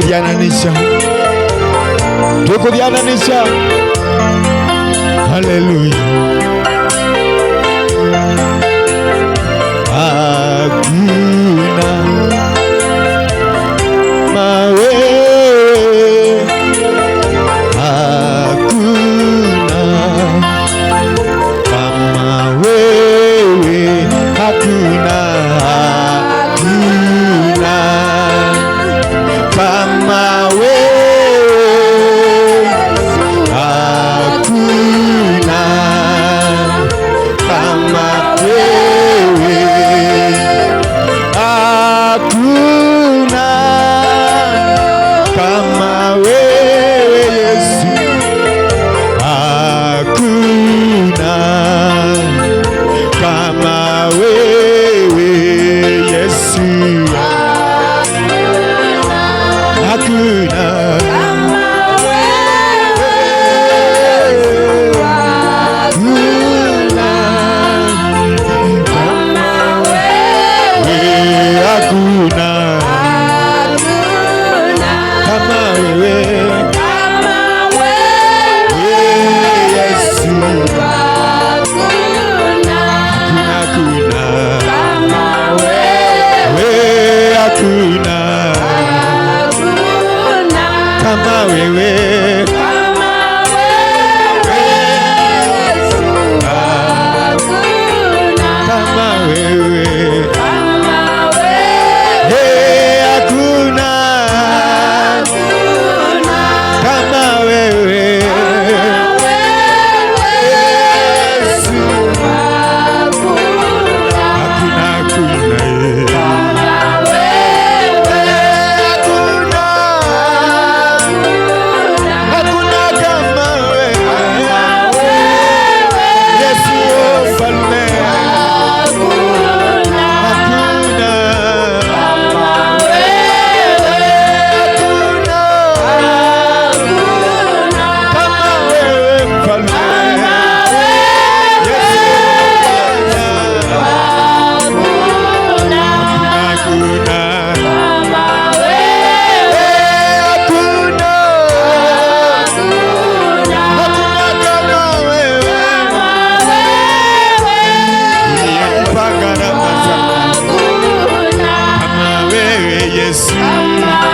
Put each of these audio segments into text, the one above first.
tukujananisha, tukujananisha. Haleluya. Yesu.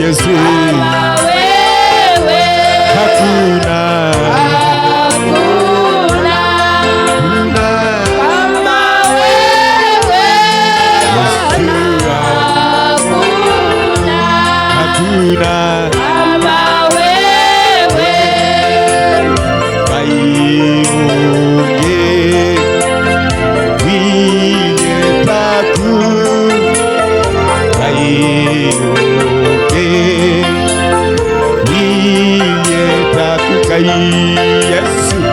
yesu. Yes.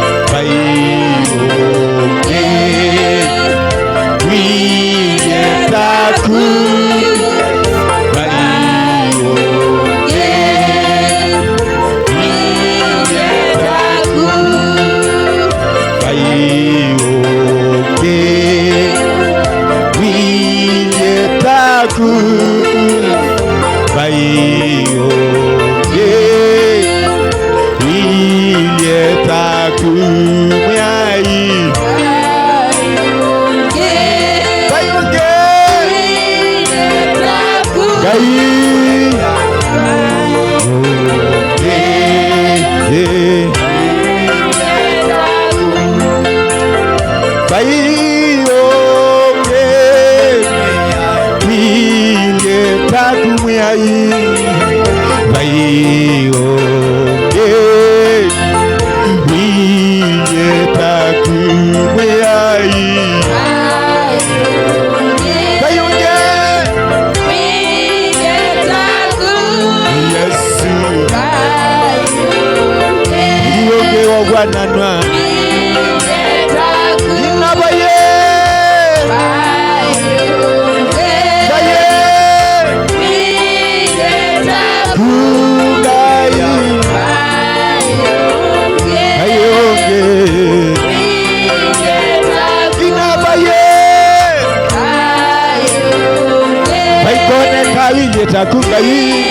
Baikone kalije takunga yii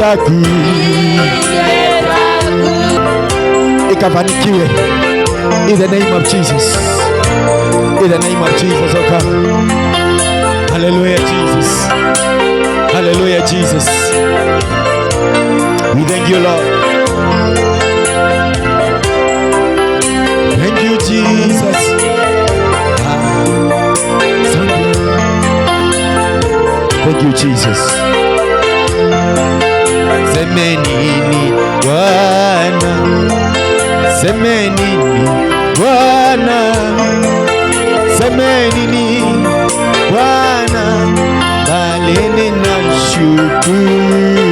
hutaki ikafanikiwe, in the name of Jesus, in the name of Jesus. Oka, oh Hallelujah, Jesus, Hallelujah, Jesus. We thank you Lord, thank you Jesus. Ah. Thank you, Jesus. Semenini Bwana, semenini Bwana, baleni na shukuru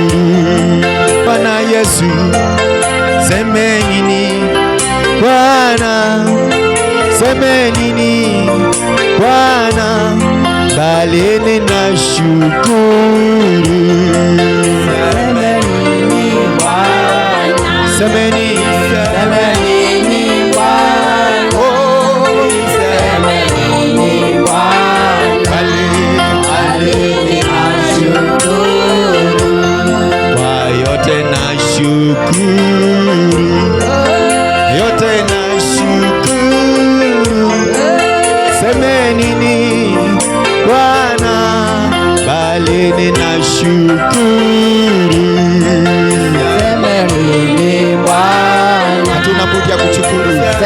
Bwana Yesu, semenini Bwana, semenini Bwana, baleni na shukuru Semeni, semeni ni Bwana. semeni ni Bwana. Haleli nashukuru. Kwa yote nashukuru. Yote nashukuru. Semeni ni Bwana. Bali ninashukuru.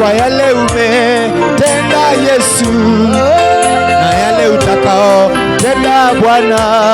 kwa yale umetenda Yesu na yale utakao tenda Bwana.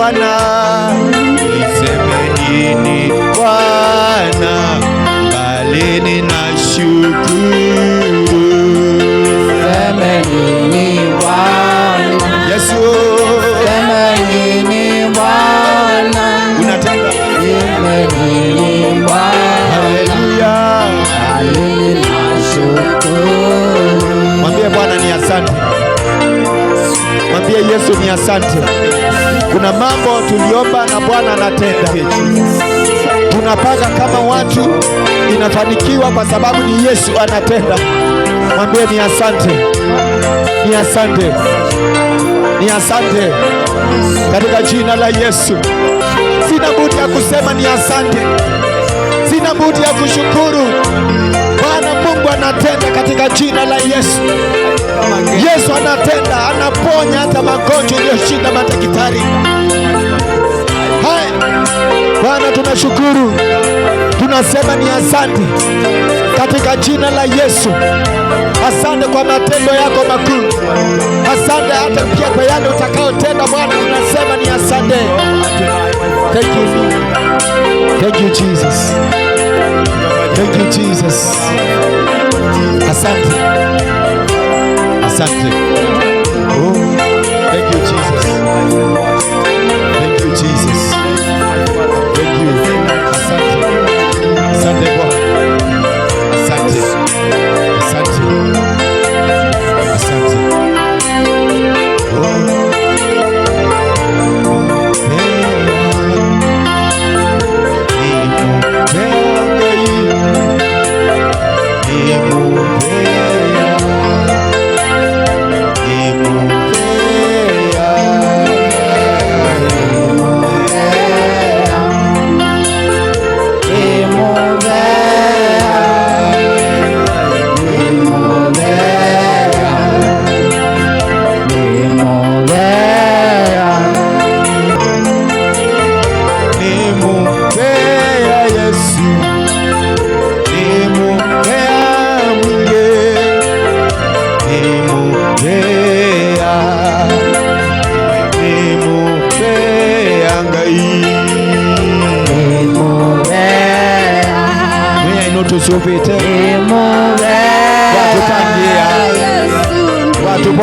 Bwana, nisemeni Bwana, bali ninashukuru. Semeni Bwana Yesu, semeni Bwana unatenda. Semeni Bwana, haleluya, bali shukuru. Mwambie Bwana ni asante. Mwambie Yesu ni asante. Kuna mambo tuliomba na Bwana anatenda, tunapaka kama watu inafanikiwa kwa sababu ni Yesu anatenda. Mwambie ni asante, ni asante, ni asante katika jina la Yesu. Sina budi ya kusema ni asante, sina budi ya kushukuru. Mungu anatenda katika jina la Yesu. Yesu anatenda, anaponya hata magonjwa iliyoshinda madaktari. Haya Bwana, tunashukuru, tunasema ni asante katika jina la Yesu. Asante kwa matendo yako makuu, asante hata pia kwa yale utakaotenda Bwana, tunasema ni asante. Thank you, Thank you Jesus. Thank you Jesus. Asante, asante. Oh, thank you Jesus. Thank you Jesus. Thank you. Asante, asante.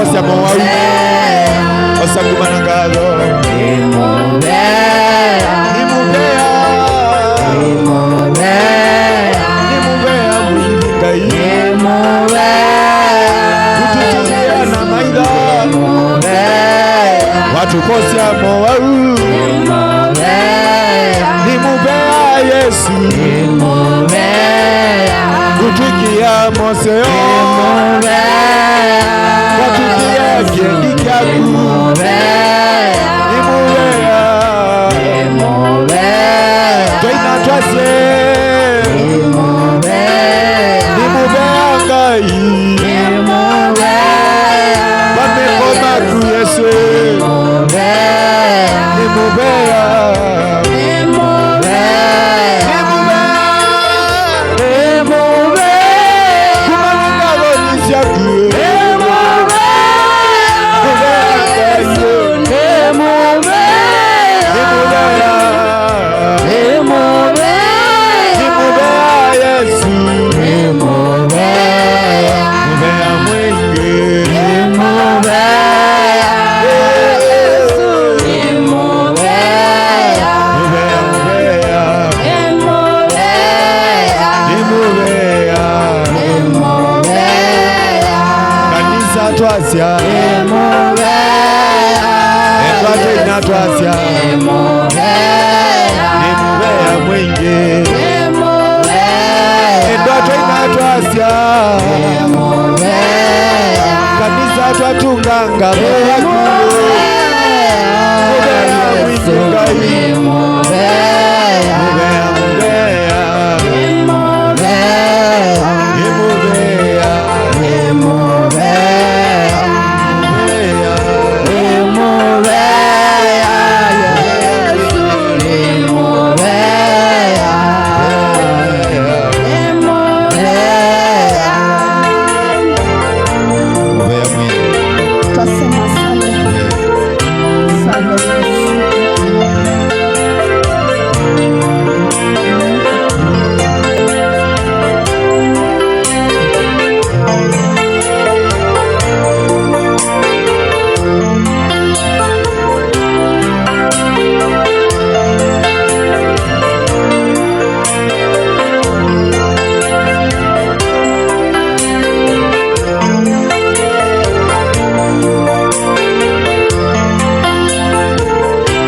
Basi amowawi Wasagumana ngalo Nimumbea Nimumbea Nimumbea Nimumbea Mwinginga Nimumbea Kututulia na maida forever. Yeah.